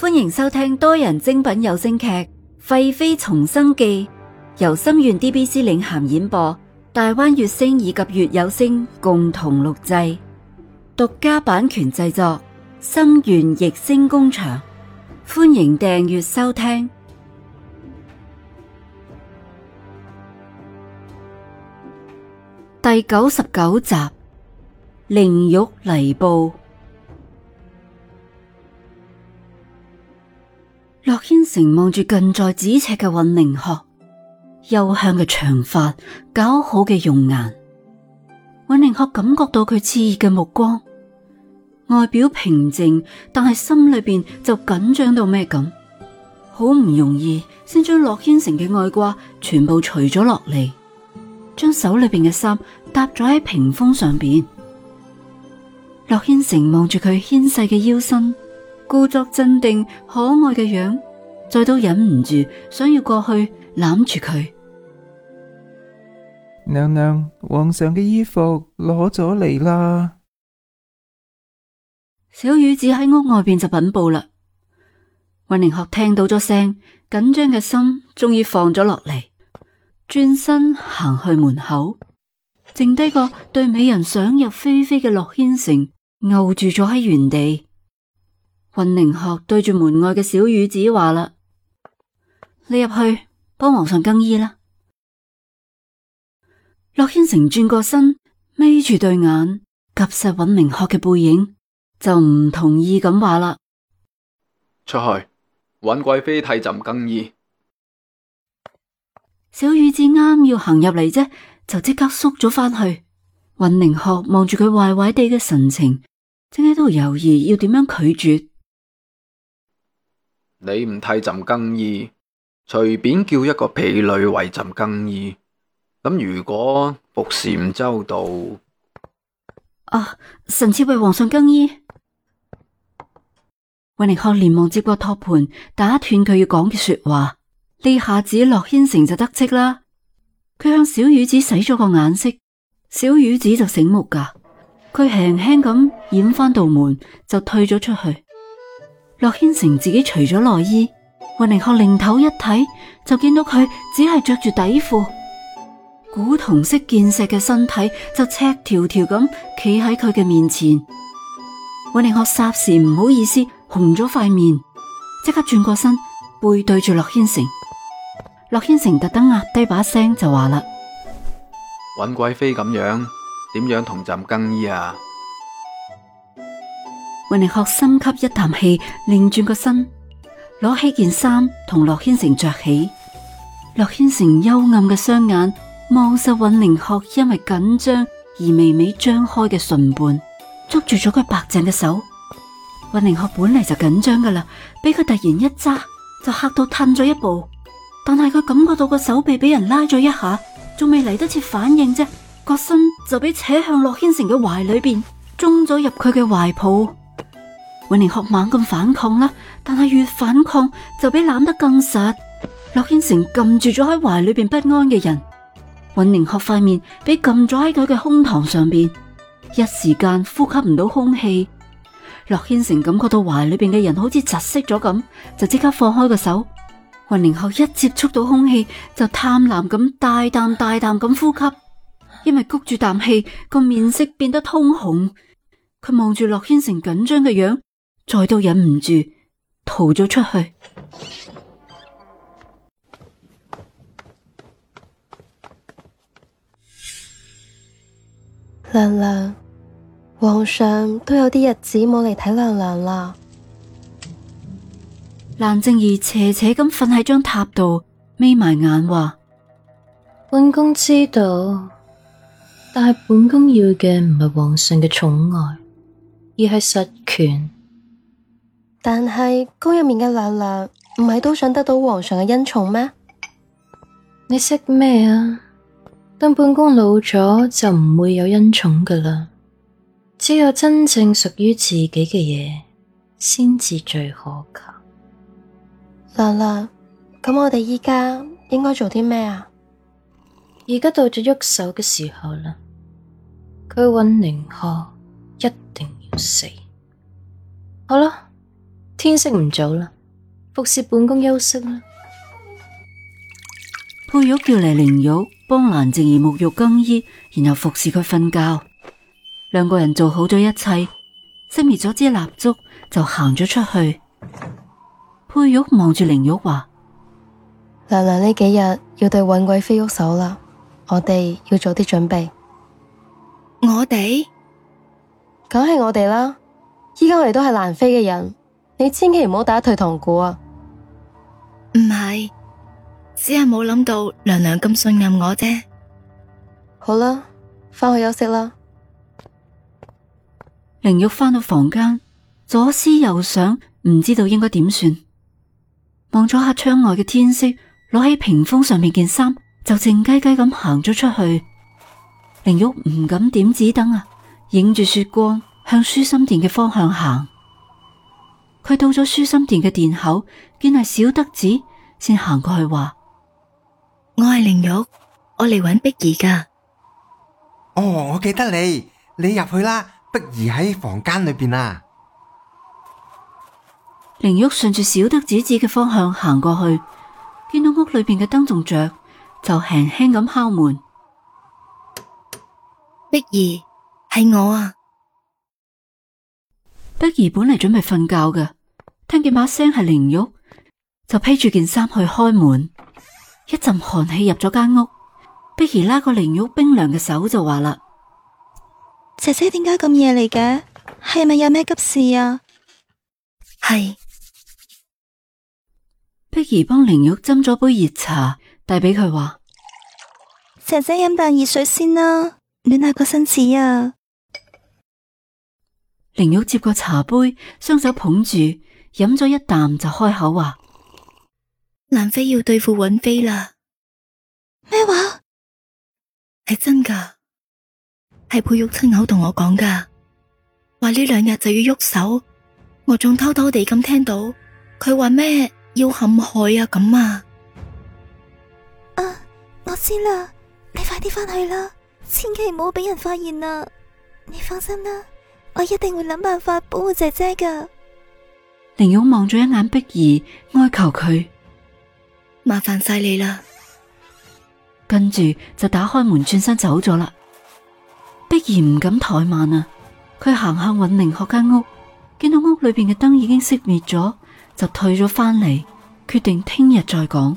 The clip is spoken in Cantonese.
歡迎收聽多人精品有聲劇《廢妃重生記》，由心願 DBC 領銜演播，大灣月星以及月有聲共同錄製，獨家版權製作，心願逸聲工場。歡迎訂閱收聽第九十九集《靈玉嚟報》。洛軒成望住近在咫尺嘅尹寧鶴，幽香嘅長髮，姣好嘅容顏。尹寧鶴感覺到佢熾熱嘅目光，外表平靜，但係心裏邊就緊張到咩咁。好唔容易先將洛軒成嘅外褂全部除咗落嚟，將手裏邊嘅衫搭咗喺屏風上邊。洛軒成望住佢纖細嘅腰身，故作鎮定，可愛嘅樣。再都忍唔住，想要過去攬住佢。娘娘，皇上嘅衣服攞咗嚟啦。小雨子喺屋外邊就稟報啦。雲凝鶴聽到咗聲，緊張嘅心終於放咗落嚟，轉身行去門口，剩低個對美人想入非非嘅洛軒城，勾住咗喺原地。雲凝鶴對住門外嘅小雨子話啦。你入去幫皇上更衣啦。洛軒成轉過身，眯住對眼，夾實尹明學嘅背影，就唔同意咁話啦。出去揾貴妃替朕更衣。小雨子啱要行入嚟啫，就即刻縮咗翻去。尹明學望住佢壞壞地嘅神情，正喺度猶豫要點樣拒絕。你唔替朕更衣？隨便叫一個婢女為朕更衣，咁如果服侍唔周到，啊！臣妾為皇上更衣。韋寧珂連忙接過托盤，打斷佢要講嘅說話。呢下子洛軒成就得戚啦。佢向小雨子使咗個眼色，小雨子就醒目噶。佢輕輕咁掩翻道門，就退咗出去。洛軒成自己除咗內衣。尹寧學擰頭一睇，就見到佢只係着住底褲，古銅色健碩嘅身體就赤條條咁企喺佢嘅面前。尹寧學霎時唔好意思，紅咗塊面，即刻轉過身背對住洛軒成。洛軒成特登壓低把聲就話啦：尹貴妃咁樣點樣同朕更衣啊？尹寧學深吸一啖氣，擰轉個身。攞起件衫同洛軒成着起，洛軒成幽暗嘅雙眼望實尹寧學因為緊張而微微張開嘅唇瓣，捉住咗佢白淨嘅手。尹寧學本嚟就緊張噶啦，俾佢突然一揸，就吓到褪咗一步。但係佢感覺到個手臂俾人拉咗一下，仲未嚟得切反應啫，個身就俾扯向洛軒成嘅懷裏邊，中咗入佢嘅懷抱。尹寧學猛咁反抗啦，但係越反抗就俾攬得更實。洛軒成撳住咗喺懷裏邊不安嘅人，尹寧學塊面俾撳咗喺佢嘅胸膛上邊，一時間呼吸唔到空氣。洛軒成感覺到懷裏邊嘅人好似窒息咗咁，就即刻放開個手。尹寧學一接觸到空氣，就貪婪咁大啖大啖咁呼吸，因為谷住啖氣個面色變得通紅。佢望住洛軒成緊張嘅樣。再都忍唔住逃咗出去，娘娘，皇上都有啲日子冇嚟睇娘娘啦。蘭靜兒斜斜咁瞓喺張榻度，眯埋眼話：本宮知道，但係本宮要嘅唔係皇上嘅寵愛，而係實權。但係宮入面嘅娘娘唔係都想得到皇上嘅恩寵咩？你識咩啊？等本宮老咗就唔會有恩寵噶啦，只有真正屬於自己嘅嘢先至最可靠。娘娘，咁我哋而家應該做啲咩啊？而家到咗喐手嘅時候啦，佢揾寧賀一定要死。好啦。天色唔早啦，服侍本宮休息啦。佩玉叫嚟凌玉幫蘭靜兒沐浴更衣，然後服侍佢瞓覺。兩個人做好咗一切，熄滅咗支蠟燭，就行咗出去。佩玉望住凌玉話：，娘娘呢幾日要對尹貴妃喐手啦，我哋要早啲準備。我哋，梗係我哋啦，依家我哋都係蘭妃嘅人。你千祈唔好打退堂鼓啊！唔係，只係冇諗到娘娘咁信任我啫。好啦，返去休息啦。靈玉返到房間，左思右想，唔知道應該點算。望咗下窗外嘅天色，攞起屏風上面件衫，就靜雞雞咁行咗出去。靈玉唔敢點指燈啊，影住雪光向舒心殿嘅方向行。佢到咗舒心殿嘅殿口，見係小德子，先行過去話：我係靈玉，我嚟揾碧兒噶。哦，我記得你，你入去啦。碧兒喺房間裏邊啦、啊。靈玉順住小德子指嘅方向行過去，見到屋裏邊嘅燈仲着，就輕輕咁敲門。碧兒，係我啊。碧兒本嚟準備瞓覺嘅，聽見把聲係靈玉，就披住件衫去開門，一陣寒氣入咗間屋。碧兒拉個靈玉冰涼嘅手就話啦：，姐姐點解咁夜嚟嘅？係咪有咩急事啊？係是碧兒幫靈玉斟咗杯熱茶，遞俾佢話：，姐姐飲啖熱水先啦，暖下個身子啊！靈玉接過茶杯，雙手捧住，飲咗一啖就開口話，啊：，蘭妃要對付允妃啦。咩話？係真噶，係佩玉親口同我講噶，話呢兩日就要喐手，我仲偷偷地咁聽到佢話咩要陷害啊咁啊。啊，我知啦，你快啲翻去啦，千祈唔好俾人發現啦，你放心啦。我一定會諗辦法保護姐姐噶。凌勇望咗一眼碧兒，哀求佢，麻煩晒你啦。跟住就打開門，轉身走咗啦。碧兒唔敢怠慢啊，佢行向允玲學間屋，見到屋裏邊嘅燈已經熄滅咗，就退咗翻嚟，決定聽日再講。